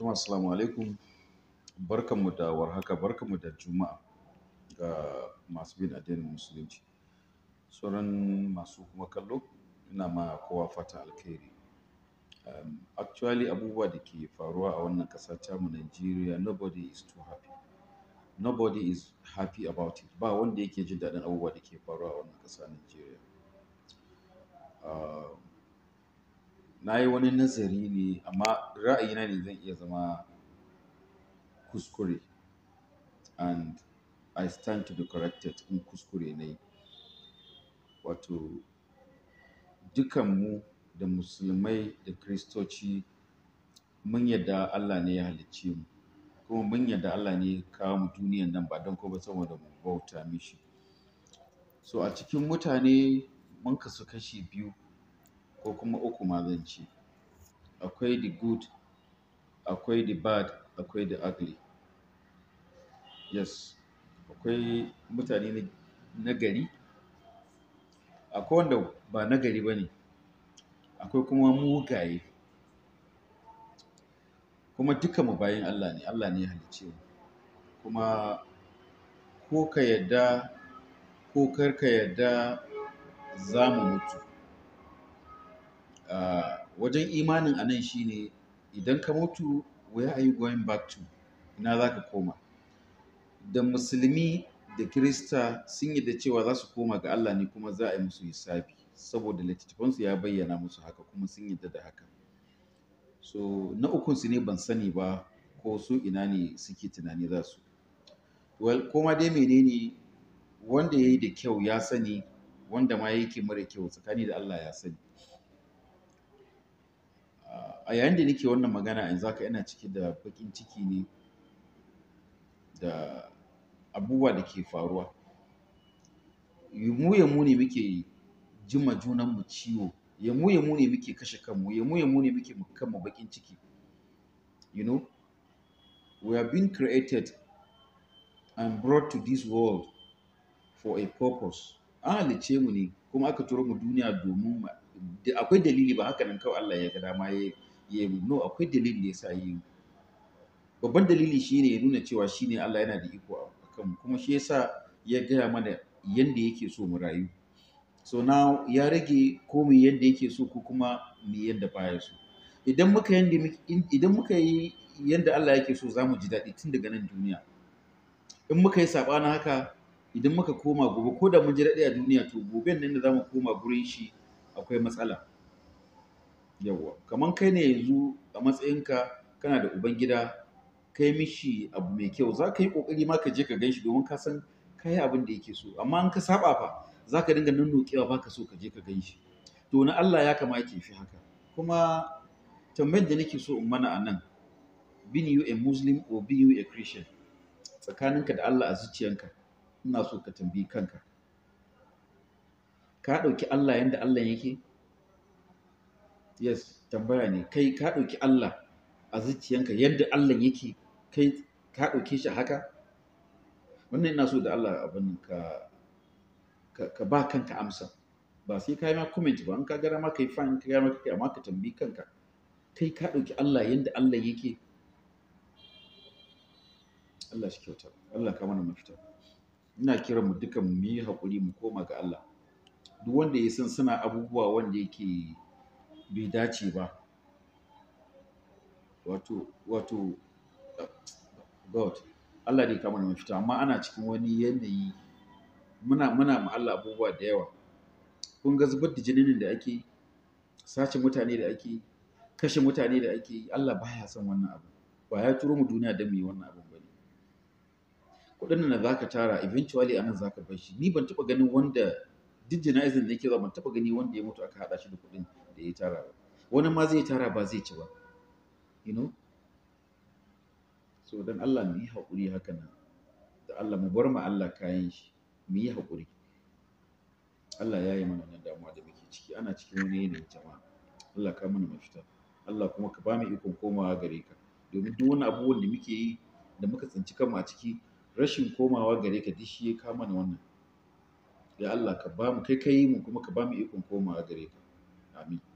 Juma'a assalamu alaikum barkanmu da warhaka barkanmu da juma'a ga masu bin addinin musulunci sauran masu kuma kallo ina ma kowa fata alkhairi um, actually abubuwa da ke faruwa a wannan ƙasa tamu Najeriya nobody is too happy nobody is happy about it ba wanda yake jin daɗin abubuwa da ke faruwa a wannan ƙasa Najeriya uh, um, na yi wani nazari ne amma ra'ayina ne zan iya zama kuskure and I stand to be corrected in kuskure na yi wato dukanmu da musulmai da kristoci mun yadda Allah ne ya halicce mu kuma mun yadda Allah ne ya kawo mu duniyan nan ba don ko ba saboda mu bauta mishi so a cikin mutane mun kasu kashi biyu ko kuma uku ma zan ce akwai the good akwai the bad akwai the ugly yes akwai mutane na gari akwai wanda ba na gari ba ne akwai kuma mugaye kuma duka mu bayan Allah ne Allah ne ya halice mu kuma ko ka yadda ko kar ka yadda za mu mutu Ah, wajen imanin a nan shine idan ka mutu where are you going back to ina za ka koma da musulmi da kirista sun yi da cewa za su koma ga Allah ne kuma za a yi musu hisabi saboda littattafansu ya bayyana musu haka kuma sun yadda da haka so na su ne ban sani ba ko su ina ne suke tunani za su well koma dai menene wanda ya yi da kyau ya sani wanda ma yake mara kyau tsakani da Allah ya sani a yayin da nake wannan magana yanzu haka ina cike da baƙin ciki ne da abubuwa da ke faruwa mu ya mu ne muke jima junanmu ciwo ya mu ya mu ne muke kashe kanmu ya mu ya mu ne muke kanmu baƙin ciki you know we have been created and brought to this world for a purpose an halice mu ne kuma aka turo mu duniya domin akwai dalili ba haka nan kawai Allah ya ga dama ya yayi no akwai dalili yasa sa babban dalili shine ya nuna cewa shine Allah yana da iko a mu kuma shi yasa ya gaya mana yanda yake so mu rayu so now ya rage komai yadda yake so ko kuma ni yadda baya so idan muka yanda idan muka yi yanda Allah yake so zamu ji daɗi tun daga nan duniya in muka yi sabana haka idan muka koma gobe ko da mun ji daɗi a duniya to gobe nan da zamu koma gurin shi akwai matsala yawwa kamar kai ne yanzu a matsayinka kana da ubangida kai mishi abu mai kyau za ka yi ƙoƙari ma ka je ka gan shi domin ka san ka yi abin da yake so amma in ka saba fa za ka dinga nannokewa ba ka so ka je ka gan shi to na Allah ya kamata ke fi haka kuma tambayar da nake so in mana a nan bin you a Muslim or bin you a Christian tsakaninka da Allah a zuciyanka ina so ka tambayi kanka ka ɗauki Allah yadda Allah yake yes tambaya ne kai ka ɗauki Allah a zuciyanka yadda Allah yake kai ka ɗauke shi haka wannan ina so da Allah abin ka ka ba kanka amsa ba sai ka yi ma comment ba an ka gara ma kai fine ka gara ma kai amma ka tambayi kanka kai ka ɗauki Allah yadda Allah yake Allah shi kyauta Allah ka mana mafita ina kiran mu dukan mu yi hakuri mu koma ga Allah duk wanda ya san suna abubuwa wanda yake bai dace ba wato wato god Allah dai kama mafita amma ana cikin wani yanayi muna muna ma Allah abubuwa da yawa kun ga zubar da jinin da ake sace mutane da ake kashe mutane da ake Allah baya son wannan abu ba ya turo mu duniya don mu yi wannan abu bane kuɗin nan zaka tara eventually anan zaka bar shi ni ban taba ganin wanda duk jana'izin da yake zuwa ban taba gani wanda ya mutu aka hada shi da kuɗin da ya tara ba wani ma zai tara ba zai ci ba you know so dan Allah mu yi haƙuri haka nan da Allah mu bar ma Allah kayan shi mu yi haƙuri Allah ya yi mana nan damuwa da muke ciki ana cikin wani yanayin jama'a Allah ka mana mafita Allah kuma ka ba mu ikon komawa gare ka domin duk wani abubuwan da muke yi da muka tsinci kanmu a ciki rashin komawa gare ka duk shi ya kama mana wannan ya Allah ka ba mu kai kai mu kuma ka ba mu ikon komawa gare ka amin